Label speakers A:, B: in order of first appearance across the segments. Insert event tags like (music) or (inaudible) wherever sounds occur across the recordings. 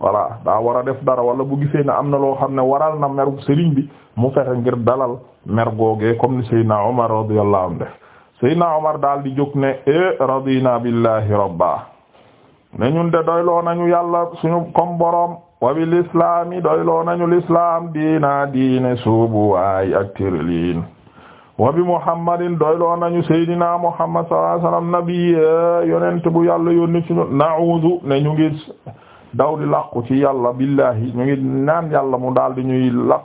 A: voilà daa war a def dara wala bu gisee ne am na loo xam ne waral na meru sëriñ bi mu fexe ngir dalal mer googee comme ni Seydina Omar radiyallahu anhu def Seydina Omar daal di jog ne e radina billahi rabba ne ñun de doyloo nañu yàlla suñu kom boroom wa bil islaami nañu l'islam diina diine suubu waay ak tërliin muhammadin doyloo nañu seydina muhammad sallallahu alayhi wasallam nabi eh, yonent bu yàlla yónni ci ñu ne ñu ngi daw di làqu ci yàlla billahi ñu ngi naan yàlla mu daal di ñuy làq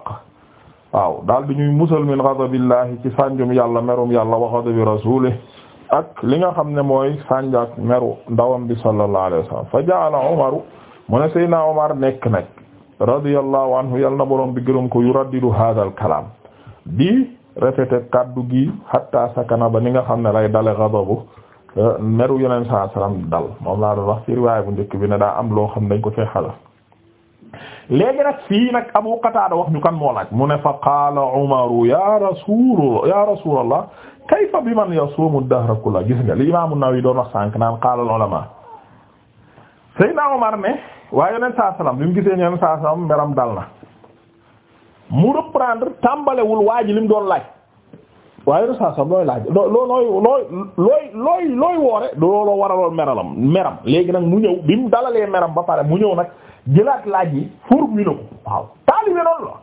A: waaw daal di ñuy musal min ghadabillahi ci sànjum yàlla merum yàlla wa ghadabi rasulih ak li nga xam ne mooy sànjaak meru ndawam bi sallallahu alayhi wasallam fa ja'ala Umaru mu ne Seydina Umar nekk nag radiyallahu anhu yàlla na borom bi gërëm ko yu hadha al kalam di répété kaddu gi hatta sakana ba ni nga xam ne lay dale ghadabu meru yeneen sa salaam dal moom laa doon wax ci riwaay bu njëkk bi ne daa am loo xam dañ ko fee xala nag fii nag Abu Qatada wax ñu kan moo laaj mu ne fa qaala Umaru ya rasul ya rasulallah kayfa bi man yasuumu dahra kulla gis nga li Imam An-Nawawi doon wax sànq naan qaala al-ulama Seydina Omar ne waaye yeneen saa salaam bi mu gisee yeneen saa salaam meram dal na mu reprendre tàmbalewul waa ji li mu doon laaj. waaye ressens am looy laaj loo looy looy looy looy looy woore looloo waraloon meralam meram léegi nag mu ñëw bi mu dalalee meram ba pare mu ñëw nag jëlaat laaj yi formulé ko waaw taalibe noonu la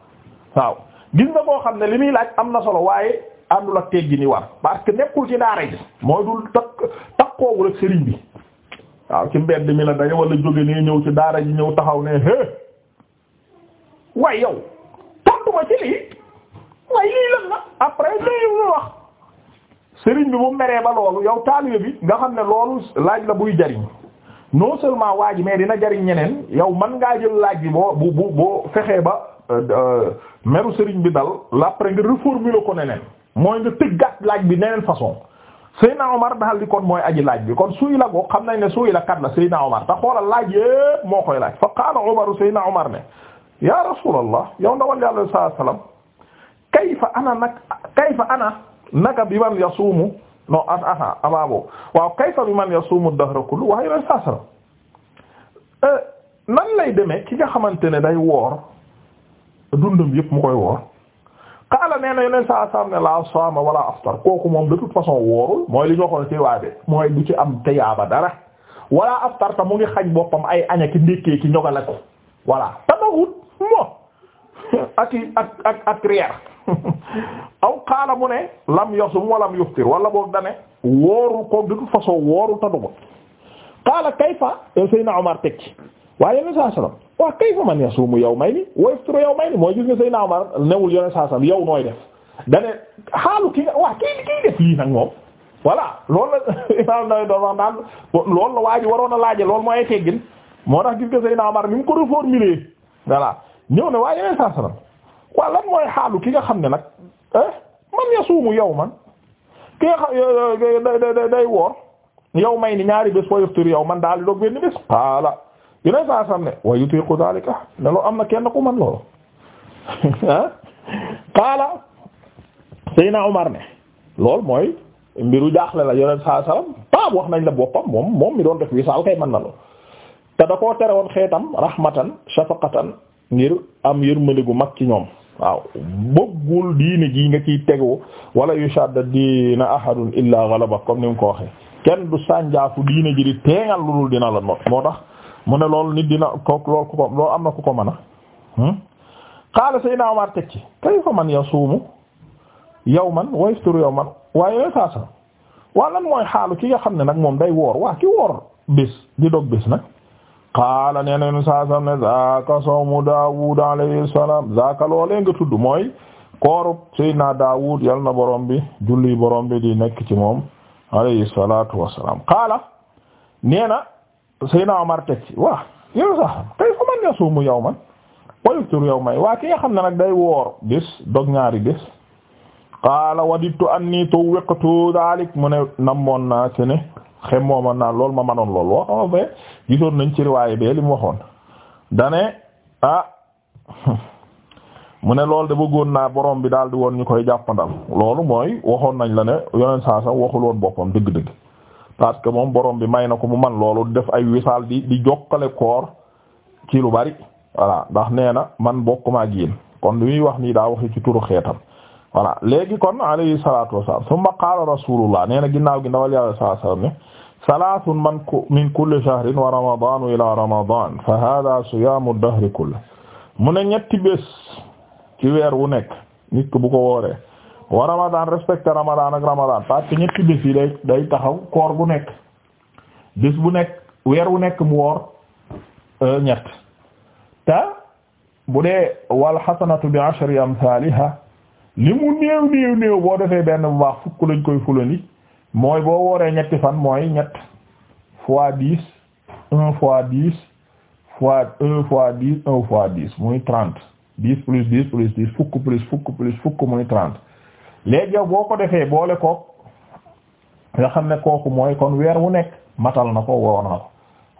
A: waaw gis nga boo xam ne li muy laaj am na solo waaye àndul ak teggi ni war parce que nekkul ci daara ji mooy dul takk takkoowul ak sëriñ bi waaw ci mbedd mi la daje wala jóge ne ñëw ci daara ji ñëw taxaw ne hé waaye yow tontuma waaye lii lan la après léegi lu wax sëriñ bi mu meree ba loolu yow taalibe bi nga xam ne loolu laaj la buy jariñ non seulement waa ji mais dina jariñ ñeneen yow man ngaa jël laaj bi boo bu bu boo fexee ba euh, meru sëriñ bi dal la après nga reformuler ko neneen mooy nga tëggaat laaj bi neneen façon Seydina Omar daal di kon mooy aji laaj bi kon suy la ko xam nañ ne suy la kat la Seydina Omar te xoolal laaj yépp moo koy laaj fa qaala Omar Seydina Omar ne ya rasulallah yow ndawal yàlla sallallahu alayhi wasallam kayfa ana nag kayfa ana naka bi man yasuumu non an ana abaaboo waaw kayfa bi man yasuumu dahra kullu waaye ren saa euh, nan ki nga xamante ne day woor dundam yëpp mu koy woor xaala na saam ne laa saama kooku moom de toute façon woorul mooy li ñu waxoon ci waa de mooy du ci am tiyaaba dara wala aftar te mu ngi xaj boppam ay aña ki ndékkee ki ñogale ko voilà te dawut mo ak ak ak ak reer (laughs) aw xaala mu ne lam yasum walam yuftir wala boog dane wooru koog de toute façon wooru taduma xaala kayfa Seydina Omar teg ci waaye yeneen saa salaam waaw kayfa man yasuumu yawmayni wa yuftiru yawmayni mooy gis nga Seydina Omar newul yeneen saa salaam yow nooy def dane xaalu ki nga waaw kii kii def lii nag moom voilà loolu la (laughs) imaam Nawawi doon wax naan loolu la waa ji waroon a laaje loolu mooy teggin moo tax gis nga Seydina Omar ni mu ko reformulé voilà ñëw ne waaye yeneen saa waaw lan mooy xaalu ki nga xam ne nag eh, man yasuumu man ki nga xam eh, eh, day woor yow may ni ñaari bés wa yaftir yow man daal di doog benn bés xaala yeneen saa sam ne wa yutiqu daalika ne loo am na kenn ku man loolu ah (laughs) xaala Seyna Omar ne loolu mooy mbiru jaaxle la yeneen saa salaam paa wax nañ la boppam moom mi doon def wisaal kay mën na lool te da koo tere woon xeetam rahmatan shafaqatan ngir am yërmande gu mag ci ñoom waaw bëggul diine ji nga ciy tegu wala yushadda diina ahadun illa ghalaba comme ni mu ko waxee kenn du sànjaafu diine ji di teeŋal lu dul dina la noot moo tax mu ne loolu nit dina kook lool ku ko loolu am na ku ko mën a xaala hmm? Seydina Omar teg ci kayfa man yasuumu yawman wa yaftiru yawman waaye yooyu saa saa waa lan mooy xaalu ki nga xam ne nag moom day woor waa ki woor bis di dog bés nag qaala nee na saa sam ne zaaka sawmu salaam zaaka loolee nga tudd mooy koorub Seydina Daawuud yal na borom bi julli borom di nekk ci moom alayhi salaatu wa qaala nee na Seydina Omar teg ci waaw yow sax kayfa man yasuumu yawman wa yuftiru yawman waa ki nga nag day woor bés dog ñaari bés qaala wadittu annii tuwwiqtu daalik mu ne namoon naa ci ne xem moo man naa loolu ma manoon loolu waxoo ba gisoon nañ ci riwaaye bee li mu waxoon dane ah (laughs) mu ne loolu de bëggoon naa boroom bi daal di woon ñu koy jàppandal loolu mooy waxoon nañ la ne yoneen saa sax waxul boppam dëgg-dëgg parce que moom boroom bi may na ko mu man loolu def ay wisaal di di jokkale koor ci lu bari voilà ndax nee na man bokkuma ak yéen kon li muy wax nii daa waxi ci turu xeetam voilà léegi kon alayhi salatu wassalam summa qaala rasulullah nee na ginnaaw gi ndawal yàlla sallallahu alayhi wasallam salaatun man min kulli shahrin wa ramadanu ila ramadan fa hada siyaamu dahri kulli mu ne ñetti bés ci weer wu nekk nit ku bu ko wooree wa ramadan respecté ramadan ak ramadan parce que ñetti bés yi day day taxaw koor bu nekk bés bu nekk weer wu nekk mu woor euh, ñett te bu dee wal hasanatu bi ashri amthaliha li mu néew néew néew boo defee benn bu baax fukk lañ koy ni mooy boo wooree ñetti fan mooy ñett fois dix un fois dix fois un fois dix un fois dix muy trente dix plus dix plus dix fukk plus fukk plus fukk muy trente léegi yow boo ko defee boole kook nga xam ne kooku mooy kon weer wu nekk matal na ko woor na ko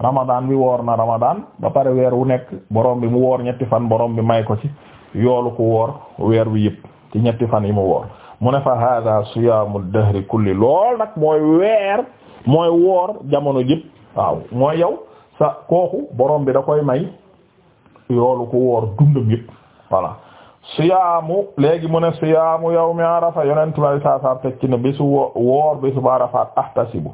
A: ramadan bi woor na ramadan ba pare weer wu nekk borom bi mu woor ñetti fan boroom bi may ko ci yoolu ko woor weer wi yëpp ci ñetti fan yi mu woor mu ne fa hada siyaamu dahri kulli lool nag mooy weer mooy woor jamono jëpp waaw mooy yow sa kooku borom bi da koy may yoolu ku woor dundam yëpp voilà siyaamu léegi mu ne siyaamu yawmi arafa yonent may saasaam teg ci ne bisu woor bisu ba arafaat ahtasibu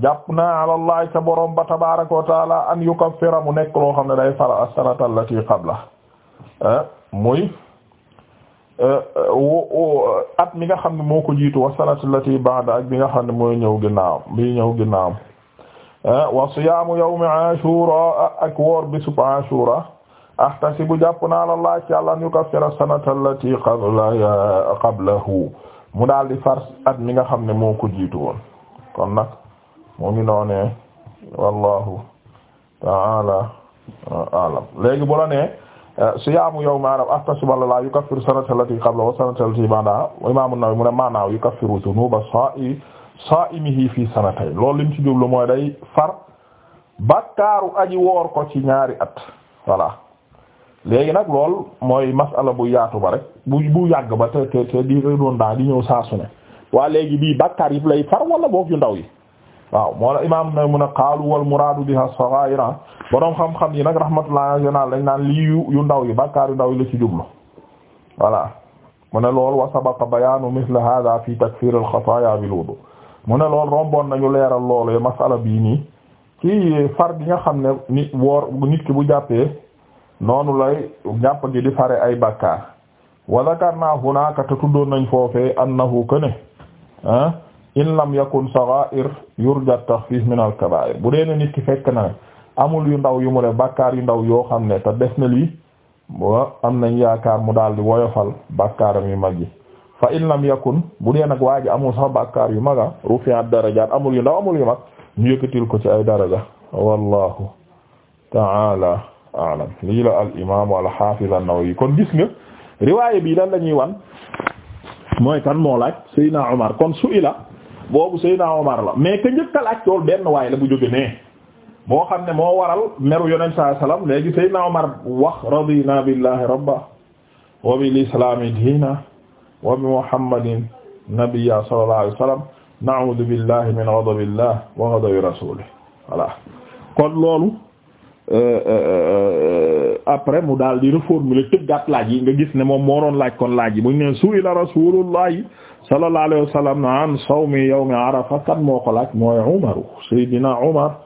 A: jàpp naa alallahi sa borom ba tabaraka wa taala an yukaffira mu nekk loo xam ne day fara as-sanata qabla muy at mi nga xam ne moo ko jiitu wa sanatu lati ba'da ak bi nga xam ne mooy ñëw ginnaaw bi ñëw ginnaaw eh, wa siyaamu yawmi ashura ak woor bisub ashura ahtasibu jàpp naa la laaj yàlla an yukaffira sanata allati qabla qablahu mu daal di far at mi nga xam ne moo ko jiitu woon kon nag mu ngi noonee wallahu ta'ala a'lam léegi bu la nee siyaamu yow maanaam ahtasibu la yukaffiru sanata allati qabla wa sanata allati ba'da imaam an-Nawawi mu ne maanaaw yukaffiru dhunuba sa'i sa'imihi fi sanatayn loolu lim ci jublu mooy day far bakkaaru aji woor ko ci ñaari at voilà léegi nag lool mooy masala bu yaatu ba rek bu bu yàgg ba te te te di redonda di ñëw saasu ne waa léegi bii bakkaar yi lay far wala boog yu ndaw yi. waaw moo la imaam na mun a qaalu wal muraadu biha sagha'ira boroom xam-xam yi nag rahmatullah général lañ naan lii yu yu ndaw yi bàkkaar yu ndaw yi la ci jublu voilà mu ne lool wa sabaqa bayaanu misle hada fi takfir al xataaya bil wudu lool romboon nañu leeral loolu masala bii nii ci far gi nga xam ne nit woor nit ki bu jàppee noonu lay jàpp gi di fare ay bàkkaar wa zakarna hunaka te tuddoon nañ foofee annahu kana ah in lam yakun sagha'ir yurja takhfif min al bu dee ne nit fekk na amul yu ndaw yu mu def bàkkaar yu ndaw yoo xam ne te def na lii ba am nañ yaakaar mu daal di woyofal bàkkaaram yu mag yi fa in lam yakun bu dee nag waa amul sax bàkkaar yu mag a rufi'at darajaat amul yu ndaw amul yu mag ñu yëkkatil ko ci ay daraja wallahu ta'ala a'lam lii la al imaamu al hafiz an kon gis nga riwaaya bi lan la ñuy wan mooy kan moo laaj Seydina kon su'ila boobu Seydina Omar la mais que njëkk a laaj loolu benn waay la bu jóge ne moo xam ne moo waral meru yonent sallallahu alayhi wasallam léegi Seydina Omar wax radina billahi rabba wa bil islami diina wa bi muhammadin nabiyya sallallahu alayhi wasallam na'udhu billahi min ghadabillahi wa ghadabi rasulihi voilà kon loolu euh, euh, euh, après mu daal di reformuler tëggaat laaj yi nga gis ne moom moo doon laaj kon laaj yi mu ngi ne su'ila rasulullahi sallallahu alayhi wa sallam an sawmi yawmi arafa kan moo ko laaj mooy Umaru Seydina Umar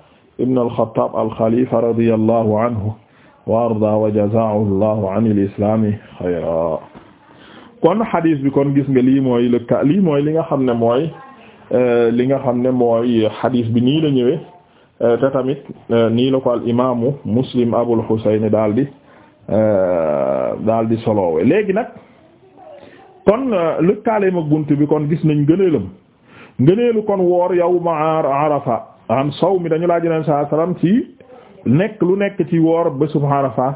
A: ibn al-Khattab al-Khalifa radiyallahu anhu wa arda wa jazaahu Allahu an al-islami xayra kon xadis bi kon gis nga lii mooy lëkka lii mooy li nga xam ne mooy euh, li nga xam ne mooy xadis bi nii la ñëwee euh, te tamit euh, nii la ko al imaamu Muslim Abul Husayn daal di daal di soloowe léegi nag kon euh, lëkkaaleem ak bunt bi kon gis nañ ngëneelam ngëneelu kon woor yawma arafa an saw mi dañu laa yeneen saa salaam ci nekk lu nekk ci woor bésu arafa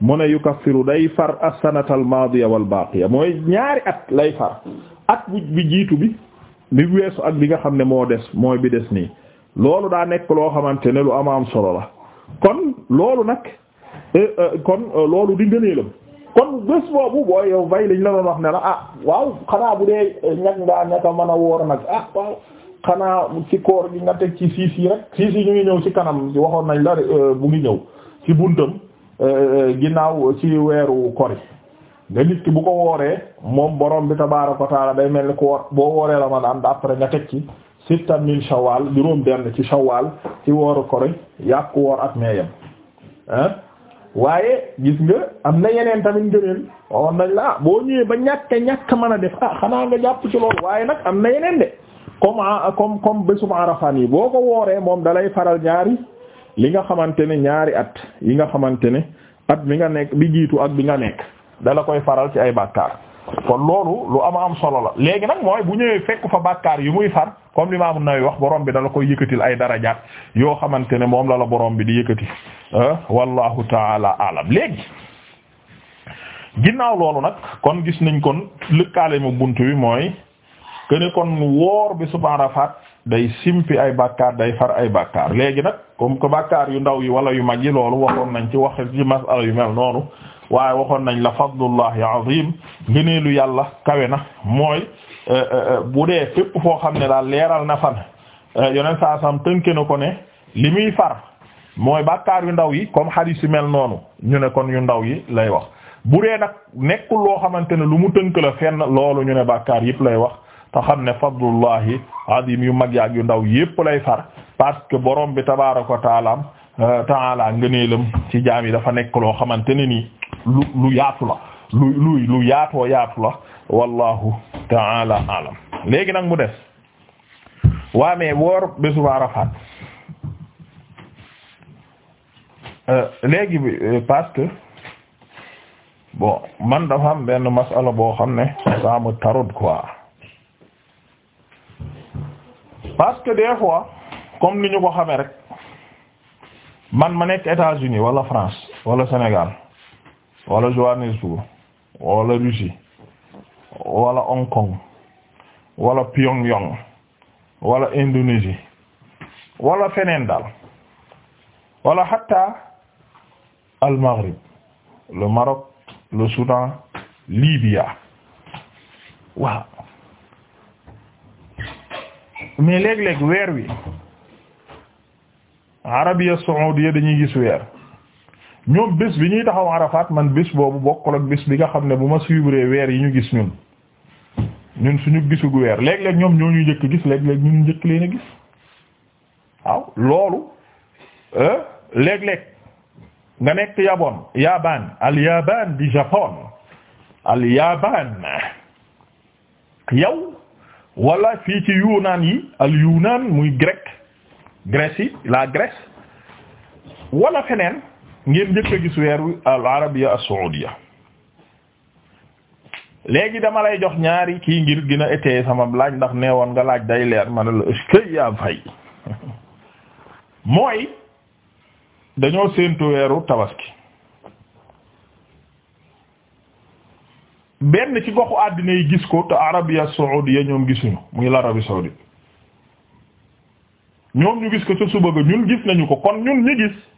A: mu ne yukaffiru day far as-sanata al-maadiya wal baaqiya mooy ñaari at lay far at bi jiitu bi bi weesu ak bi nga xam ne moo des mooy bi des nii loolu daa nekk loo xamante ne lu am am solo la kon loolu nag eh, eh, kon eh, loolu di ngëneelam kon bés boobu booy yow bay lañ la doon wax ne la ah waaw xanaa bu dee ñàkk ngaa ñàkk a mën a woor nag ah waaw xanaa ci koor gi nga teg ci siis yi rek siis ñu ngi ñëw ci kanam waxoon nañ la bu euh, ngi ñëw ci buntam euh, euh, ginnaaw ci weeru kori nga nit ki bu ko wooree moom borom bi tabaaraka wa taala day mel ni ko boo wooree Ramadan après nga teg ci sitta min shawal juróom benn ci shawal ci wooru kori yàq woor ak meeyam ah waaye gis nga am na yeneen tamit ngëneel waxoon nañ la ah boo ñëwee ba ñàkk ñàkk mën a def ah xanaa nga jàpp ci loolu waaye nag am na yeneen de comme ah, comme comme bésum arafaan yi boo ko wooree moom dalay faral ñaari li nga xamante ne ñaari at yi nga xamante ne at bi nga nekk bi jiitu ak bi nga nekk dala koy faral ci ay bàkkaar kon loolu lu ama am solo la léegi nag mooy bu ñëwee fekk fa bàkkaar yu muy far comme l'imam An-Nawawi wax borom bi dala koy yëkkatil ay darajaat yoo xamante ne moom lala la bi di yëkkati euh, wallahu taala alam léegi ginnaaw loolu nag kon gis nañ kon lëkkaale mu bunt wi mooy kene kon woor bi suba day simpi ay bàkkaar day far ay bàkkaar léegi nag comme que bàkkaar yu ndaw yi wala yu mag yi loolu waxoon nañ ci wax ci masala yu mel noonu waaye waxoon nañ la fadlullahi azim ngëneelu yàlla kawe na mooy Euh, euh, euh, bu dee fépp foo xam ne daal leeral na fan yoneen saa sam tënke na ko ne li muy far mooy bàkkaar yu ndaw yi comme hadith yi mel noonu ñu ne kon yu ndaw yi lay wax bu dee nag nekkul loo xamante ne lu mu tënk la fenn loolu ñu ne bàkkaar yëpp lay wax te xam ne fadlullahi azim yu mag yaak yu ndaw yëpp lay far parce que borom bi tabaaraka wa taala taala ngëneelam ci jaam yi dafa nekk loo xamante ne nii lu lu yaatu la lu luy lu yaatoo yaatu la wallahu taala alam léegi nag mu des waa mais woor bésu euh, léegi euh, parce que bon man dafa am benn masala boo xam ne ça me taraude quoi parce que comme ni ñu ko xamee rek man ma nekk États-Unis wala France wala Sénégal wala Johannesburg wala Russie wala Hong Kong wala Pyongyang wala Indonésie wala feneen daal wala hatta al le Maroc le Soudan Libya waaw mais léeg-léeg weer wi Arabia Saoudia dañuy gis weer ñoom bés bi ñuy taxaw Arafat man bis boobu bokkul ak bés bi nga xam ne bu ma suivre weer yi ñu gis ñun ñun suñu gisu gu weer léeg-léeg ñoom ñoo ñu njëkk gis léeg-léeg ñun njëkk leen a gis waaw loolu euh, léeg-léeg nga nekk Yabon Yaban al Yaban di Japon al Yaban yow wala fii ci Yunaan yi al Yunaan muy grec Grèce yi la Grèce wala feneen. ngeen njëkk gis weer wi al arabiya as-saudiya léegi dama lay jox ñaari kii ngir gën a sama laaj ndax neewoon nga laaj day leer ma ne la ëskey yaa fay mooy dañoo séentu weeru tabaski benn ci goxu àddina yi gis ko te arabiya saudiya ñoom gisuñu muy l'Arabie saoudite ñoom ñu gis ko ca suba ga ñun gis nañu ko kon ñun ñi gis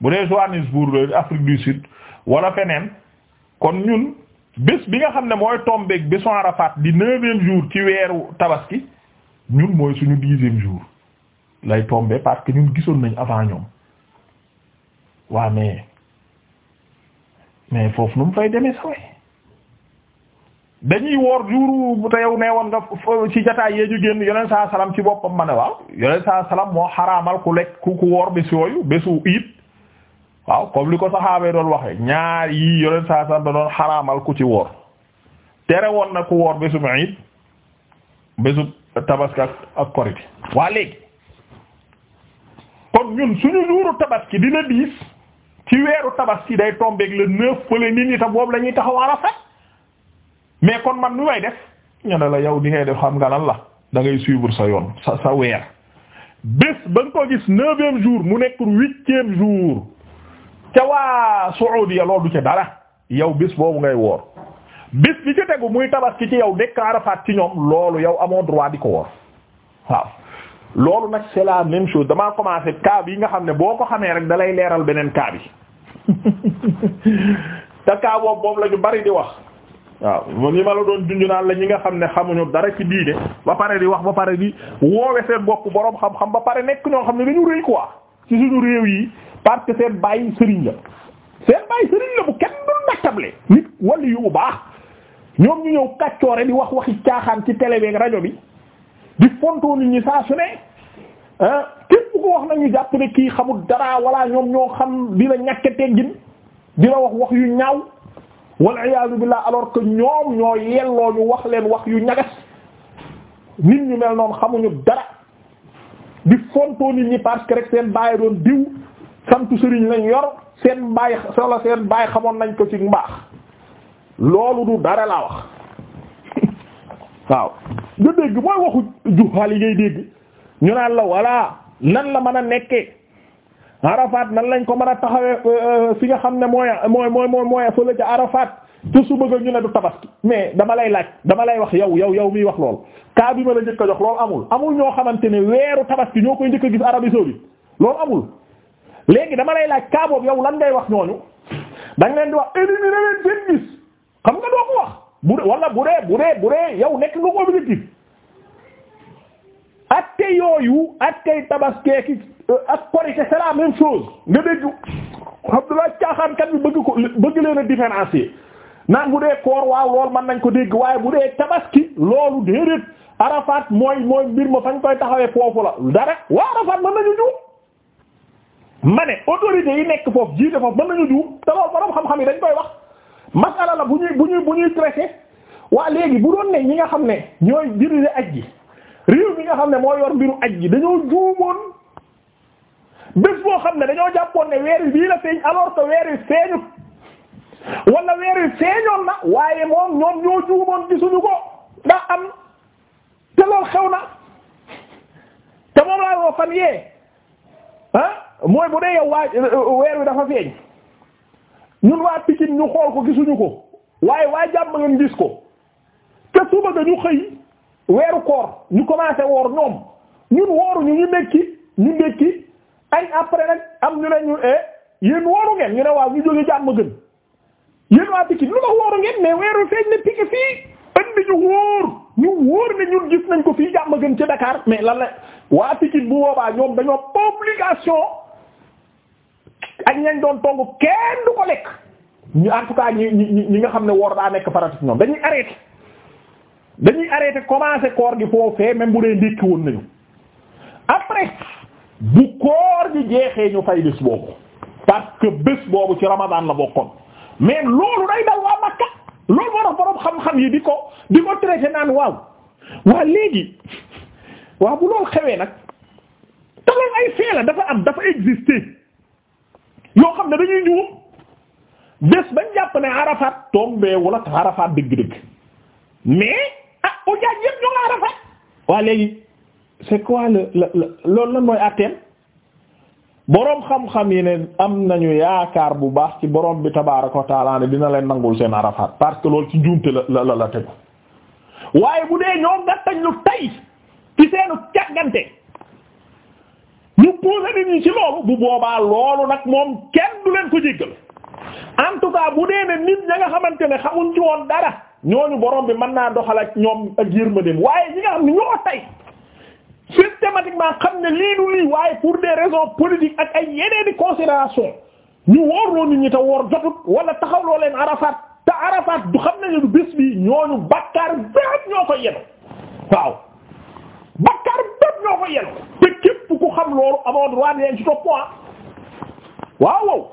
A: bu dee Johannesburg Afrique du Sud wala feneen kon ñun bés bi nga xam ne mooy tombeeg bésu Arafat di neuvième jour ci weeru tabaski ñun mooy suñu dixième jour lay tombe parce que ñun gisoon nañu avant ñoom waa mais mais foofu nu mu fay demee sawee dañuy woor jour bu te yow nee woon nga ci jataay yee ju génn yoneen sa salaam ci boppam ma ne waaw yoneen saa salaam moo xaraamal ku lekk ku ku woor bés yooyu bésu it waaw comme li ko saxaabee doon waxe ñaar yii yoneen saa saam doon xaraamal ku ci woor tere woon na ku woor bésub iid bésub tabaski ak korite waa léegi kon ñun suñu juuru tabaski dina diis ci weeru tabaski day tombeek le neuf fële nit ñi tax boobu la ñuy taxaw Arafat mais kon man nu way def ñu ne la yow di ngay def xam nga lan la da ngay suivre sa yoon sa sa weer bés ba nga ko gis neuvième jour mu nekk huitième jour ca waa Saudiya loolu du ca dara yow bis boobu ngay woor bis bi ci tegu muy tabaski ci yow nekk Arafat ci ñoom loolu yow amoo droit di ko woor waaw loolu nag c'est la même chose damaa commencé cas bi nga xam ne boo ko xamee rek dalay leeral beneen cas ta (laughs) te cas boobu la ñu bari di wax waaw li ma la doon junj naan la ñi nga xam ne xamuñu dara ki diine ba pare di wax ba pare di woowe seen bokku boroom xam-xam ba pare nekk ñoo xam ne bi rëy quoi ci réew yi. parce que seen bàyyi sëriñ la seen bàyyi sëriñ la bu kenn du nattable nit wàllu yu bu baax ñoom ñu ñëw kàccoore di wax waxi caaxaan ci télé bi rajo bi di fontoo nit ñi saa su ne ah képp ko wax nañu jàpp ne kii xamul dara wala ñoom ñoo xam di la ñàkk teggin di wax wax yu ñaaw walla iyaazu billah alors que ñoom ñoo yelloo ñu wax leen wax yu ñagas nit ñu mel noonu xamuñu dara di fontoo nit ñi parce que rek seen bàyyi doon diw santu sëriñ lañu yor seen baay solo seen baay xamoon nañ ko ci mbaax loolu du dara laa wax (laughs) waaw nga dégg mooy waxu juhaal yi ngay dégg ñu naan la voilà nan la man a nekkee Arafat nan lañ ko mën a taxawee euh, euh, fi nga xam ne mooy mooy mooy mooy mooy fële ca Arafat te su bëgg ñu ne du tabaski mais dama lay laaj dama lay wax yow yow yow miy wax lool cas bi ma la njëkk a jox loolu amul amul ñoo xamante ne weeru tabaski ñoo koy njëkk a gis Arabie saoudite loolu amul léegi dama lay laaj cas yow lan ngay wax ñooñu da leen di wax éliminer eh, leen seen gis xam nga doo ko wax bu wala bu dee bu dee bu dee yow nekk nga ko objectif ak te yooyu ak tey tabaskeeki ak korite c'est la même chose nga dégg Abdullah bi bëgg ko bëgg leen a différencier naan bu dee koor waaw loolu mën nañ ko dégg waaye bu dee tabaski loolu déedéet Arafat mooy mooy mbir ma fañ koy taxawee foofu la dara waa Arafat mën nañu ñu ma ne autorité yi nekk foofu jiite foofu mën nañu juum te loolu borom xam-xam yi dañ koy wax masala la bu ñuy bu ñuy bu ñuy traité waa léegi bu doon ne ñi nga xam ne ñooy diriger aj gi réew mi nga xam ne moo yor mbiru aj gi dañoo juumoon bés boo xam ne dañoo jàppoon ne weer bii la feeñ alors que weer wi feeñut wala weer wi feeñoon na waaye moom ñoom ñoo juumoon gisuñu ko daa am te loolu xew na te moom laa woo fan yee Ah mooy bu dee yow waa euh, euh, weer wi dafa feeñ ñun waa Pikine ñu xool ko gisuñu ko waaye waa jàmm ngeen gis ko te suba da ñu xëy weeru koor ñu commencé woor ñoom ñun wooru ñu nekki ñu nekki ay après rek am ñu ne ñu e yéen wooru ngeen ñu ne waaw ñu jóge jàmm gën yéen waa Pikine lu ma wooru ngeen mais weeru feeñ ne Pikine fii andi ñu wóor ñu wóor ne ñun gis nañ ko fii jàmm gën ci Dakar mais lan la waa Pikine bu boobaa ñoom dañoo obligation ak ñañ doon togg kenn du ko lekk ñu en tout cas ñi ñi ñi nga xam ne woor daa nekk farata ñoom dañuy arrêté dañuy arrêté commencé koor gi foofee même bu dee ndékki woon nañu après bu koor gi jeexee ñu fay bés boobu parce que bés boobu ci Ramadan la bokkoon mais loolu day dal waa Makka loolu moo tax borom xam-xam yi di ko di ko traité naan waaw waa léegi. waa bu loolu xewee nag te loolu ay feela dafa am dafa exister yoo xam ne dañuy ñëw bés bañ jàpp ne Arafat tombé wala te Arafat dëgg-dëgg mais ah ujaaj yëpp ñoo nga waa léegi c'est quoi le loolu lan mooy àtteem boroom xam-xam yi ne am nañu yaakaar bu baax ci boroom bi tabaaraka wa taala ne dina leen nangul seen Arafat parce que lool ci njuumte la la la tegu waaye bu dee ñoo gàttañ lu tay ci seenu càggante ñu poussé nit ñi ci loolu bu boobaa loolu nag moom kenn du leen ko jéggal en tout cas bu dee ne nit ña nga xamante ne xamuñ ci woon dara ñooñu borom bi mën naa doxal ak ñoom ak yërmandeem waaye ñi nga xam ne ñoo tey systématiquement xam ne lii du lii waaye pour des raisons politiques ak ay yeneeni i ñu wóorloo nit ñi te woor jotut wala taxawloo leen Arafat te Arafat du xam nañu du bés bi ñooñu bakkaar bépp ñoo koy yenu waaw bakkaar bépp ñoo ko yelu te képp ku xam loolu amoo droit di leen ci topp ah waaw wow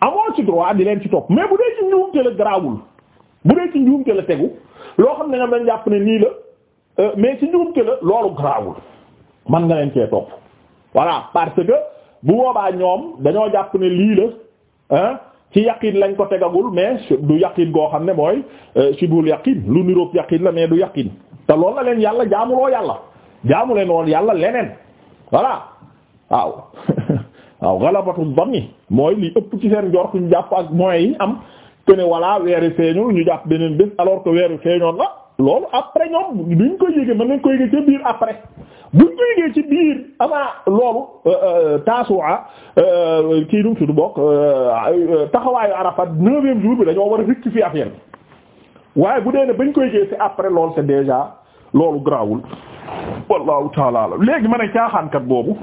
A: amoo ci droit di leen ci topp mais bu dee ci njuumte la garaawul bu dee ci njuumte la tegu loo xam ne nga dañ jàpp ne nii la euh, mais ci njuumte la loolu garaawul man nga leen cee topp voilà parce que bu boobaa ñoom dañoo jàpp ne lii la ah ci yaqin lañ ko tegagul mais du yaqin goo xam ne mooy subul euh, yaqin lu niroog yaqin la mais du yaqin te loolu la leen yàlla jaamuloo yàlla jaamu leen yàlla leneen voilà waaw (laughs) waaw galabatu dhanni mooy li ëpp ci seen njort ñu jàpp ak moyens yi am que ne voilà weeru feeñul ñu jàpp beneen bés alors que weeru feeñoon na loolu après ñoom duñ koy yëgee mën nañ koy yëgee ci biir après buñ ko yëgee ci biir avant loolu euh, euh, tasuwa ah, euh, kii nu mu tudd bokk taxawaayu arafat neuvième jour bi dañoo war a rectifier affaire bi waaye bu dee ne bañ koy yëgee c'est après loolu c'est loolu garaawul wallahu taala alam léegi ma ne caaxaankat boobu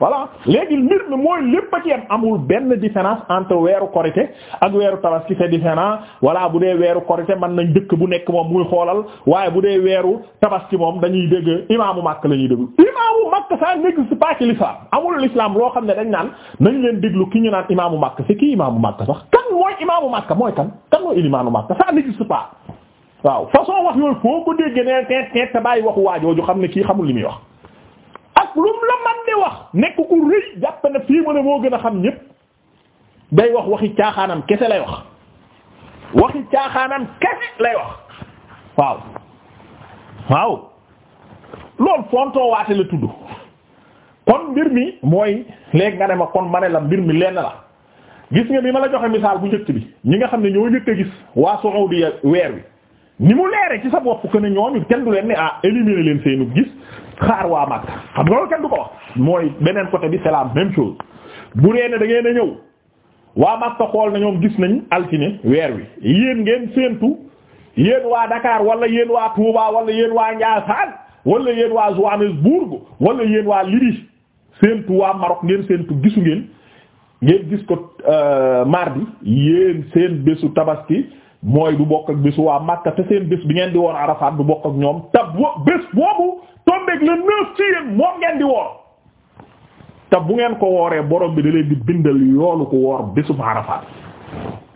A: voilà léegi mbir mi mooy lépp a ci am amul benn différence entre weeru korite ak weeru tabaski c'est différent voilà bu dee weeru korite mën nañ dëkk bu nekk moom muy xoolal waaye bu dee weeru tabaski moom dañuy dégg imaamu Makka la ñuy déglu imaamu Makka ça n'existe pas ci l'islam amul l'islam loo xam ne dañ naan nañ leen déglu ki ñu naan imaamu Makka c'est kii imaamu Makka sax kan mooy imaamu Makka mooy waaw façon wax yooyu foo ko dégg ne teet teet te waxu waajooju xam ne kii xamul li muy wax ak lum la man di wax nekk ku rëy jàpp fii mën moo gën a xam ñépp day wax waxi caaxaanam kese lay wax waxi caaxaanam lay wax waaw waaw loolu fontoo waate la tudd kon mbir mi mooy léegi nga ne ma kon ma la mbir mi lenn la gis nga bi ma la joxe misaal bu njëkk bi ñi nga xam ne ñoo njëkk a gis waa Saoudiya weer wi ni mu leere ci sa bopp que ne ñooñu kenn du leen ne ah éliminer leen seenu gis xaar waa Makka xam nga loolu kenn du ko wax mooy beneen côté bi c'est même chose bu dee ne da ngeen a ñëw waa Makka xool na ñoom gis nañ altine weer wi yéen ngeen séentu yéen waa Dakar wala yéen waa Touba wala yéen waa Ndiassane wala yéen waa Johannesburg wala yéen waa Libye séentu waa Maroc ngeen séentu gisu ngeen ngeen gis ko euh, mardi yéen seen bésu tabaski. mooy du bokk ak bésu waa Makka te seen bés bi ngeen di woor Arafat du bokk ak ñoom te bo bés boobu tombeeg le neuf ci yéen moom ngeen di woor te bu ngeen ko wooree boroom bi da leen di bindal yoolu ko woor bésu Arafat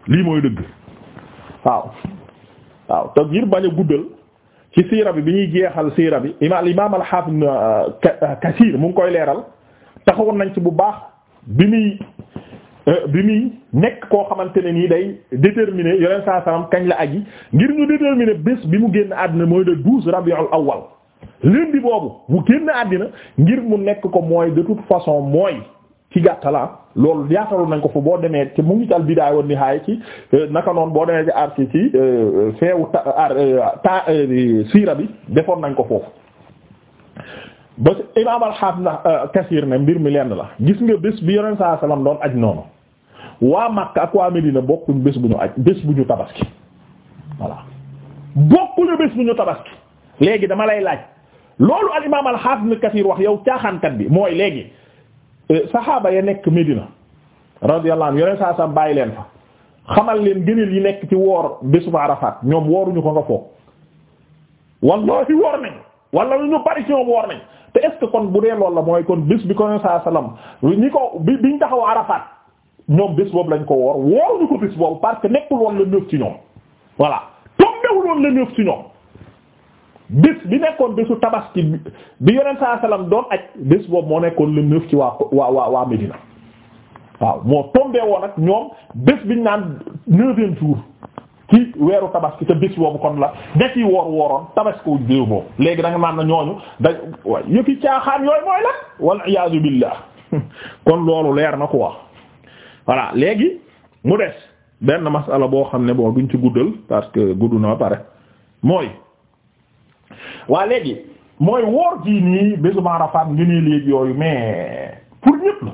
A: lii mooy dëgg waaw waaw te ngir bañ a guddal ci siira bi bi ñuy jeexal siira bi imaam imaam al Kasiir mu ngi koy leeral taxawoon nañ ci bu baax bi muy Euh, bi muy nekk koo xamante ne nii day déterminer yoneen saa salaam kañ la aji ngir ñu déterminer bés bi mu génn àddina mooy le douze rabiul awal bi boobu mu génn àddina ngir mu nekk ko mooy de toute façon mooy ci gàttala ah loolu yaatalu nañ ko fa boo demee te mu ngi tal bidaay woon ci naka noon boo demee ci arti ci euh, euh, feewu ta ta siira bi defoon nañ ko foofu ba imaam al-Hafiz Kasiir ne mbir mi lenn la gis nga bés bi yoneen saa salaam doon aj waa Makka ak waa Medina bokkuñ bés bu ñu aj bés bu ñu tabaski voilà bokkuñu bés bu ñu tabaski léegi dama lay laaj loolu al imaam al Haafiz Ibn Kathir wax yow caaxaankat bi mooy léegi euh, saxaaba ya nekk Medina radiyallahu anhu yoneen saa sam bàyyi leen fa xamal leen gëneel yi nekk ci woor bésu Arafat ñoom wooruñu ko nga foog wallahi woor nañ wala lu ñu bari ñoom woor nañ te est kon bu dee loolu la mooy kon bés bi ko yoneen saa sallam ñi ko bi biñ taxaw Arafat ñoom bés boobu lañ ko woor woor ko bés parce que nekkul woon la neuf ci ñoom voilà tombewul woon le ci ñoom bés bi nekkoon bésu tabaski bi yonent doon aj bés boobu moo nekkoon le ci waa waa waa waa waaw moo tombé ak ñoom bés biñ naan neuvième jour ci weeru tabaski te bés boobu kon la nga ciy woor wooroon tabaski wu jiw boobu léegi da nga na ñooñu dañ waaye yëfi caaxaan yooyu mooy la wal iyaazu billah (laughs) kon loolu leer na ko wax voilà léegi mu des benn masala boo xam ne boo guñ ci guddal parce que guddu noo pare mooy waa léegi mooy woor jii nii bésuma Arafat ngi ne léegi yooyu mais pour ñëpp la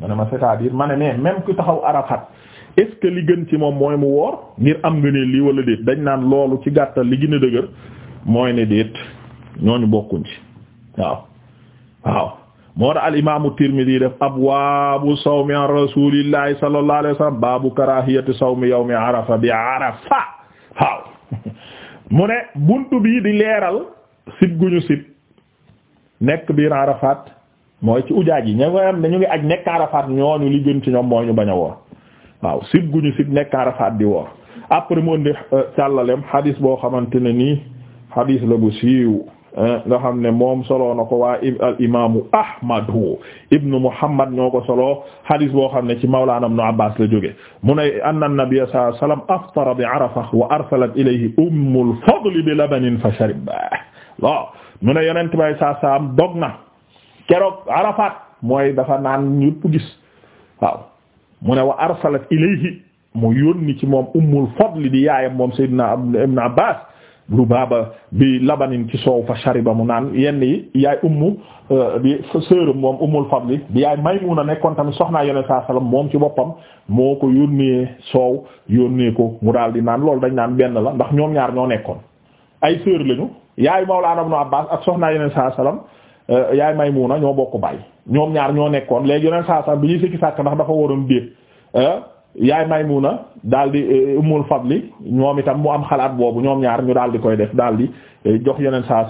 A: ma ne ma c'est-à-dire ne mais ku taxaw Arafat est li gën ci moom mooy mu woor ngir am nga ne lii wala déet dañ naan loolu ci gàttal li gën a dëgër mooy ne déet ñooñu bokkuñ ci waaw waaw moo tax al imaamu Tirmidi def abwaabu sawmi an rasuulillahi sallallahu alayhi wa sallam baabu karaahiyati sawmi yawmi arafa bi arafa waaw (laughs) ne buntu bi di leeral sib guñu sib nekk biir arafaat mooy ci ujaaj yi ña nga am ne ngi aj nekk arafaat ñooñu li gën ci ñoom mooy ñu bañ a woor waaw sib guñu sib nekk arafaat di woor après mu indi euh, càllaleem xadiis boo xamante ne nii xadiis Eh, nga xam ne moom solo na ko waa al imaamu Ahmadu ibnu Muhammad ñoo ko solo hadis boo xam ne ci Mawlaana Ibnu Abbaas la jóge mu ne anna nabiyya sallallahu alayhi bi Arafa wa arsalat ilayhi Ummul Fadl bi labanin fa shariba lo mu ne yonent bay saa saam dog na keroog Arafat mooy dafa naan ñëpp gis mu ne wa arsalat ilayhi mu yónni ci moom Ummul Fadl di yaayam moom Sayyidina Ibnu Abbaas Lubaaba bi labanin ci soow fa shariba mu naan yenn yi yaay ummu euh, di sœur moom Ummul Fadli di yaay may Maymuna nekkoon tamit soxnaa Yonent saa moom ci boppam moo ko yónnee soow yónnee ko mu daal di naan loolu dañ naan benn la ndax ñoom ñaar ñoo nekkoon ay sœur lañu yaay Mawlaana Ibnu Abbaas ak soxnaa Yonent saa sallam euh, yaay Maymuna ñoo bokk baay ñoom ñaar ñoo nekkoon léegi Yonent saa sallam bi ñuy sikki sàkk ndax dafa waroon biir yaay Maymuna daal di eh, Ummul Fadli ñoom itam mu am xalaat boobu ñoom ñaar ñu daal di koy def daal di eh, jox yeneen saa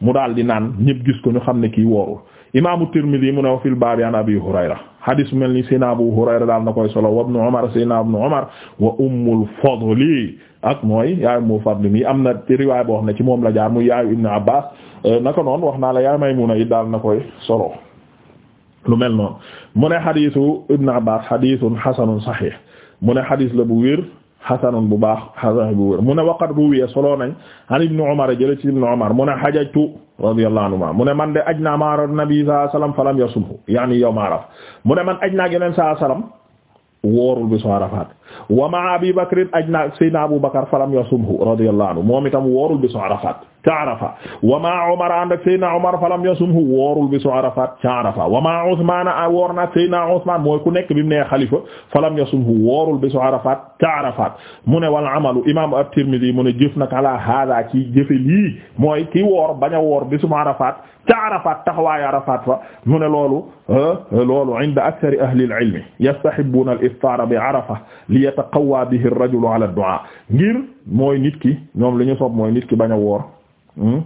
A: mu daal di naan ñëpp gis ko ñu xam ne kii woorul imaamu Tirmidhi mu ne wa fil baabi an Abi Hurayra hadis mel ni Seydina Abu Hurayra daal na koy solo wa Ibnu Umar Seydina Ibnu Umar wa Ummul Fadli ak mooy yaay Ummul Fadli mi am na riwaay boo xam ne ci moom la jaar muy yaayu Ibnu Abbaas eh, naka noonu wax naa la yaay Maymuna it daal na koy solo lu mel noonu mu ne hadisu Ibnu Abbaas hadisun hasanun mu ne xadis la bu wér xasanun bu baax xasan bu wér mu ne waqat ruwiya soloo nañ an ibnu umar jële ci ibnu umar mu ne xajajtu radiyallahu anhuma mu ne man de aj naa maara nabi sallallahu alayhi wasallam falam yasumhu yaani yawma araf mu ne man aj naa yeneen sallallahu alayhi wasallam woorul bi su Arafat wa ma abi bakrin aj abu bakar falam yasumhu radiyallahu anhu moom itam woorul bi su Arafat ca Arafa wa maa Umar ànd ak Seydina Umar falam yasumhu woorul bisu Arafat ca Arafa wa maa Usmaan a ah, woor na ak Seydina Usmaan mooy ku nekk bi mu nee xalifa falam yasumhu woorul bisu Arafat ca Arafat mu ne wal amalu imaam at-Tirmidhi mu ne jëf nag ala haadaa ci jëfe lii mooy ki woor bañ a woor bisu Arafat ca Arafat taxawaayu Arafat fa mu ne loolu ah, loolu inda akthari ahli al-ilmi yastahibbuna al-iftaar bi Arafa li yataqawwa bihi ar-rajulu ala ad-du'aa ngir mooy nit ki ñoom li ñu sopp mooy nit ki bañ a woor Hmm?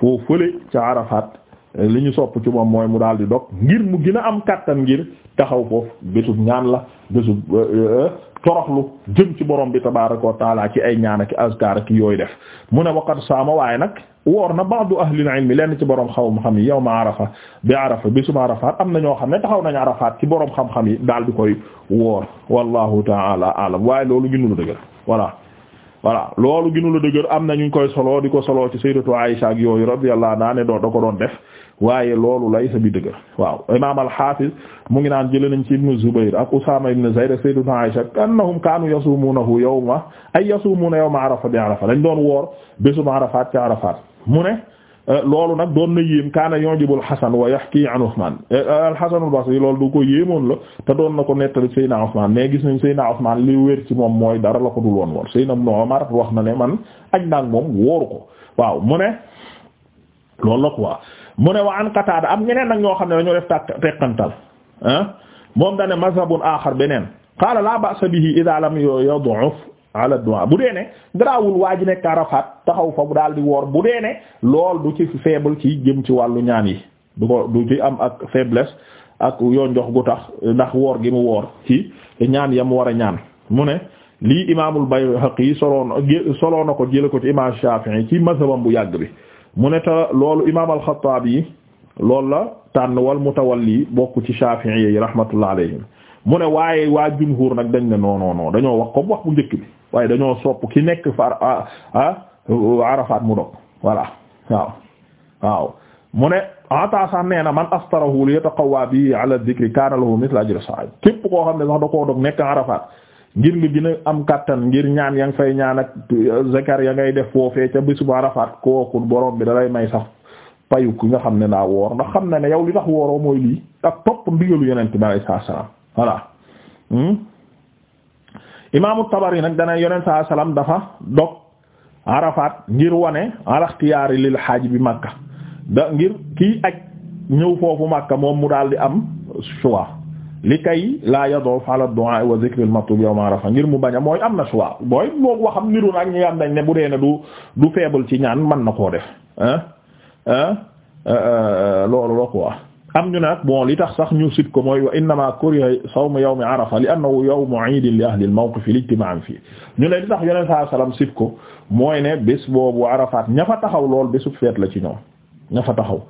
A: foo fële ca Arafat eh, li ñu sopp ci moom mooy mu daal di dog ngir mu gën a am kàttan ngir taxaw foofu bésub ñaan la bésub eh, eh, toroxlu jëm ci borom bi tabaaraka wa taala ci ay ñaan ak a ak yooyu def mu ne waqat saama waaye nag woor na ba'du ahlil ilmi lenn ci borom xam-xam yi yawma arafa bi arafa bésub arafaat am na ñoo xam ne taxaw nañu arafaat ci borom xam-xam yi daal di koy woor wallahu taala alam waaye loolu gënulu dëgër voilà voilà loolu gënu la dëgër am na ñu koy soloo di ko soloo ci sayyidatu Aisha ak yooyu radiyallahu anha ne doo da ko doon def waaye loolu lay sa bi dëgër waaw imam al-Hafiz mu ngi naan jële nañ ci ibnu Zubayr ak Usama ibn Zayd ak sayyidatu Aisha annahum kaanu yasumuunahu yawma ay yasumuuna yawma Arafa bi Arafa dañ doon woor bésub Arafat ci Arafat mu ne Eh, loolu nag doon na yéem kaana yujibul Hasan wa yahki an Usman eh, al-Hasan al-Basri loolu du ko yéemoon la te doon na ko nettali Seydina Usman mais gis nañ Seydina Usman li wér ci moom mooy dara la ko dul woon woon Seydina Ibn Umar wax na ne man aj naag moom wóoru ko waaw mu ne loolu la quoi mu ne wa an Qataada am ñeneen nag ñoo xam ne dañoo def tàq teqantal ah moom dane mazhabun axar beneen qaala la ba'sa bihi idha lam yad'uf ala du'a bu dee ne garaawul waa ji nekk Arafat taxaw fa bu daal di woor bu dee ne lool du ci faible ci jëm ci wàllu ñaan yi du ko du ci am ak faiblesse ak yoon jox gu tax ndax woor gi mu woor ci ñaan ya mu war a ñaan mu ne lii imaamul Bayhaqi soloon soloo na ko jële ko ci imam Shafi'i ci mazhabam bu yàgg bi mu ne ta loolu imaam al-Khattabi loolu la tànn wal mutawalli bokk ci Shafi'i yi rahmatullah alayhim mu ne waaye waa jumhur nag dañ ne non non dañoo wax comme wax bu njëkk bi waaye dañoo sopp ki nekk fa ah, ah, ah Arafat mu dog voilà waaw waaw mu ne ata sax nee na man astarahu li yataqawwa bi ala dhikri kana lahu mithla ajri sa'id képp koo xam ne sax da koo dog nekk Arafat ngir nga gën am kàttan ngir ñaan ya nga fay ñaan ak zakar ya ngay def foofee ca bésu Arafat kooku borom bi dalay may sax payu ki nga xam ne daa woor ndax xam na ne yow li tax wooroo mooy lii voilà hmm? imaamu Tabari nag dana yonent saa salaam dafa dog Arafat ngir wane alaxtiyaari lil xaaji bi Makka da ngir kii ak ñëw foofu Makka moom mu daal di am choix li kay la yadoof ala du'a wa dhikril matlub yawm Arafa ngir mu bañ a mooy am na choix mooy moog waxam niru nag ñi am dañ ne bu dee ne du du faible ci ñaan mën na koo def loolu la quoi. am ñu nag bon li tax sax ñu sit ko mooy wa innama kuriha sawmu yawmi arafa li annahu yawmu iidin li ahli al-mawqif al-ijtimaa' fii ñu ne li tax yonent saa salaam sit ko mooy ne bés boobu arafaat ña fa taxaw lool bésu feet la ci ñoom ña fa taxaw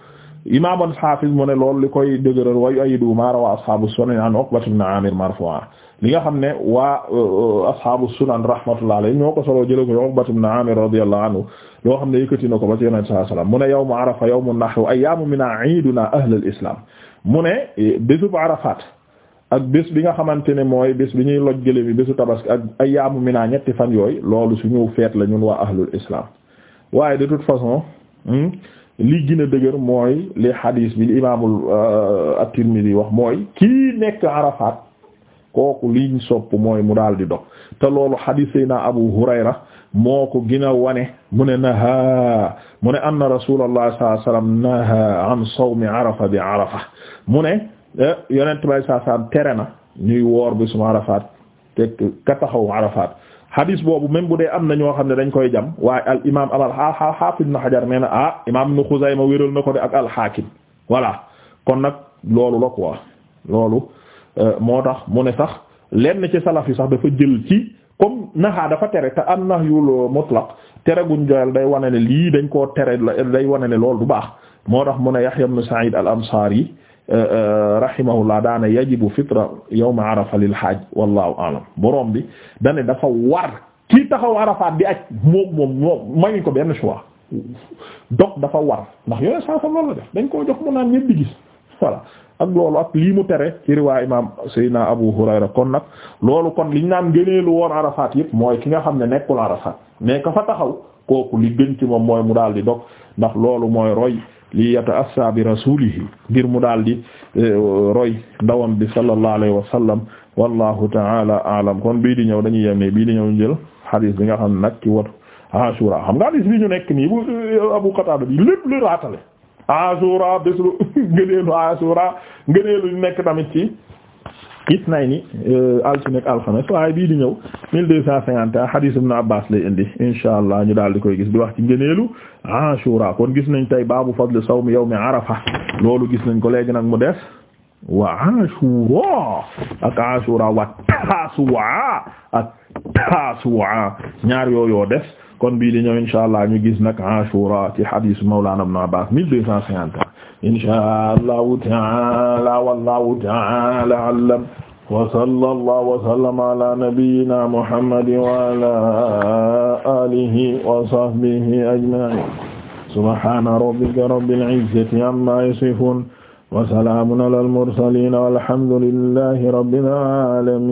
A: imaam al-Haafiz mu ne lool li koy dëgëral wa yu'ayyidu maa rawaa ashaabu sunan an Uqbata ibn Aamir marfuu'an li nga xam ne waa euh, ashaabu sunan rahmatullahi alayhi ñoo ko solo jëlee ko Uqbat ibn Amir radiyallahu anhu loo xam ne yëkkati na ko ba ci Yonent sallallahu alayhi wasallam mu ne yawmu Arafa yawmu nahr wa ayyaamu minhaa iidunaa ahlal islaam mu ne bésub Arafat ak bés bi nga xamante ne mooy bés bi ñuy loj gëlëm yi bésu tabaski ak ayyaamu minhaa ñetti fan yooy loolu ñëw feet la ñun waa ahlul islam waaye de toute façon hmm, li gën a dëgër mooy li hadis bi li imaamul euh, at-Tirmidhi wax mooy kooku liñ sopp mooy mu daal di dox te loolu hadith sayna Abu Hurayra moo ko gina wone mu ne naha mu ne anna rasulullah sallallahu alayhi wasallam naha an sawmi arafa bi arafa mu ne eh, yonent bay saa saam tere na ñuy woor bi suma arafaat te ka taxaw arafaat hadis boobu même bu dee am na ñoo xam ne dañ koy jam waaye al imaam abal al haafid na xajar nee na ah imaam nu Xuzayma wéral na ko de ak al Haakim voilà kon nag loolu la wa loolu Euh, moo tax mu ne sax lenn ci salaf sax dafa jël ci comme naxaa dafa tere te an nahyul mutlaq tere guñ joyal day wane ne lii dañ koo tere day wane ne loolu du baax moo tax mu ne Yahya ibn Sa'id al-Ansari euh, euh, rahimahullah daana yajibu fitra yawma arafa lil hajj wallahu a'lam borom bi dane dafa war kii taxaw arafaat di aj moom moom moom mayuñ ko benn choix dog dafa war ndax yooyu saa sa loolu la def dañ koo jox mu naan ñépp di gis voilà ak loolu ak lii mu tere ci riwaa imam Seydina Abu Hurayra kon nag loolu kon ñu naan gëneelu woon Arafat yëpp mooy ki nga xam ne nekkul Arafat mais ka fa taxaw kooku li gën ci moom mooy mu daal di dog ndax loolu mooy roy li yata assa bi rasulihi ngir mu daal di eh, roy ndawam bi sallallahu alayhi wa sallam wallahu taala alam kon bii di ñëw dañuy yem ne bii di ñëw ñu jël xadiis bi nga xam ne nag ci watu Ashura xam nga xadiis bi ñu nekk nii eh, Abu Qatada asura bés bu (laughs) ngëneelu asura ngëneelu nekk tamit ci isnayni euh, altine ak alxames waaye bii di ñëw mille deux cent cinquante un hadith ibn abbas lay indi insha allah ñu daal di koy gis di wax ci ngëneelu asura kon gis nañ tey baabu fadl sawm yawmi arafa loolu gis nañ ko léegi nag mu des wa asura ak asura wa taasuwa ñaar yooyu des kon bii di ñëw insha allah ñu gis nag ashura ci hadith mawlana ibn abbas 1250 insha allahu taala wallahu taala alam wa sallallahu wa sallama ala nabiyyina muhammadin wa ala alihi wa sahbihi ajma'in subhana rabbika rabbil izzati amma yasifun wa salamun ala al mursalin walhamdulillahi rabbil alamin